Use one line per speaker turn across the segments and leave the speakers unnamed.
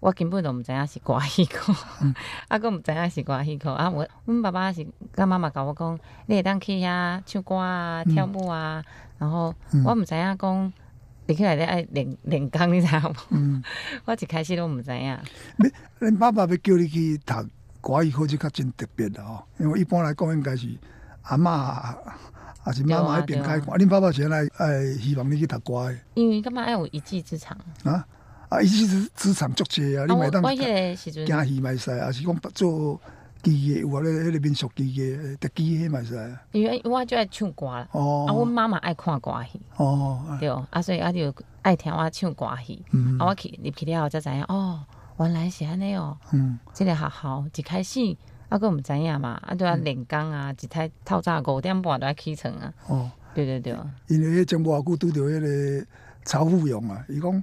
我根本都唔知影是歌仔戲科，啊，閣唔知影是歌仔戲科啊！我，阮爸爸是，阮媽媽甲我講，你會當去遐、啊、唱歌啊、嗯、跳舞啊，然後、嗯、我唔知影講，你去內底愛練練功，你知唔、
嗯？
我一開始都唔知
影。你，你爸爸要叫你去讀歌仔戲科就較真特別了、哦、因為一般來講應該是阿媽，阿是媽媽一邊開課、啊啊啊，你爸爸上來，愛希望你去讀歌仔。
因為幹嘛愛有一技之長？
啊。啊！伊前是資產足借啊，你賣當假戲賣晒，還是講做基嘅？有啊咧，喺那邊熟基嘅，特基喺賣晒。
因為我就愛唱歌、哦，啊，我媽媽愛看歌戲、哦哦，對，啊，所以我就愛聽我唱歌戲、嗯。啊，我去入去了後才知影，哦，原來是安尼哦。嗯，這個學校一開始啊，佮毋知影嘛、嗯，啊，都要練功啊，一太透早五點半都要起床啊。哦，對對對。
因為迄個鄭伯古拄到迄個曹富榮啊，伊講。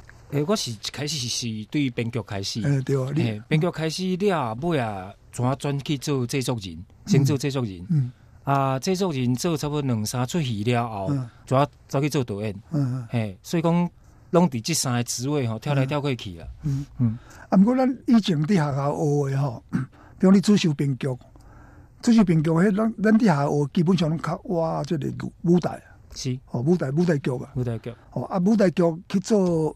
誒、欸，我是開始是對編劇開始，編、欸、劇、啊欸嗯、開始你啊，冇啊，轉轉去做製作人，先、嗯、做製作人。嗯、啊，製作人做差不多兩三出戲了後，就啊走去做導演。嗯，誒、嗯欸，所以講，攏佇這三個職位哦，跳來跳過去
了。嗯嗯，嗯。啊，不過，咱以前啲學校學的嗬，比、嗯、如你主修編劇，主修編劇，喺咱咱啲學校學基本上都刻哇，即、這個舞台。是。哦，舞台舞台劇吧，舞台劇。哦，啊舞台劇去做。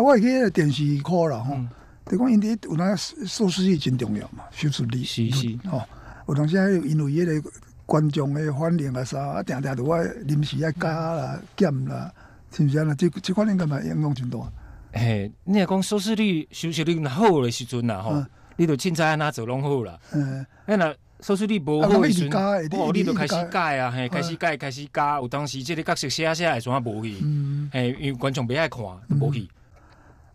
我記咧電視看啦吼，等講因哋有哪收視率真重要嘛？收視率是是吼，哦。有當時還因為迄個觀眾嘅反應啊啥，啊定定著我臨時愛加啦減啦，是不是啊？這這款應該咪影響真大。嘿、
欸，你講收視率收視率好嘅時陣啦吼，你就凊彩安怎做攏好啦。誒，那收視率無好嘅時陣，哦，你就、欸啊、你就開始改啊，開始改，開始加。有當時即個角色寫寫也算無去，誒、嗯欸，因為觀眾不愛看都無
去。嗯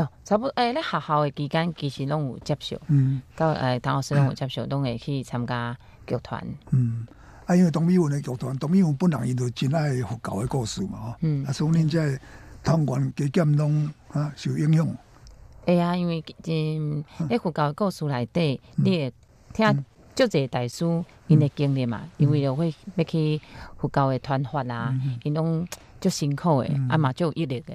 哦、差不多，誒、欸，咧學校嘅期間其實攏有接受，嗯，到誒、呃，唐老師攏有接受，攏、哎、會去參加劇團。嗯，
啊，因為唐美雲嘅劇團，唐美雲本人伊都真愛佛教嘅故事嘛、哦，吼。嗯，所以你即係唐官加減攏啊，都、嗯、啊受影響。
會、欸、啊，因為真咧佛教嘅故事內底、嗯，你會聽足者大師因嘅經歷嘛、嗯，因為要會要去佛教嘅團法啊，因攏足辛苦嘅，阿媽足有毅力嘅。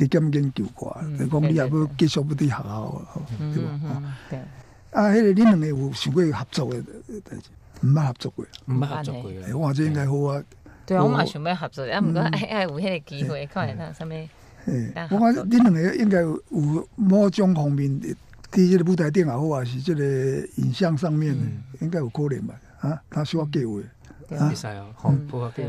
幾咁勁叫掛，你講你又要繼續嗰啲、嗯、學校，係
嘛、
嗯？啊，你兩個有想過合作代志，毋捌合作過，毋捌合作過、欸。我話應該好啊，對我嘛全部合作，啊，唔講一係會一個幾倍，可
能得
收尾。我話你兩個應該有，有某種方面，喺呢個舞台頂又好，是即個影像上面、嗯，應該有可能吧、啊？啊，他需要機會，係啊，
好配合機會。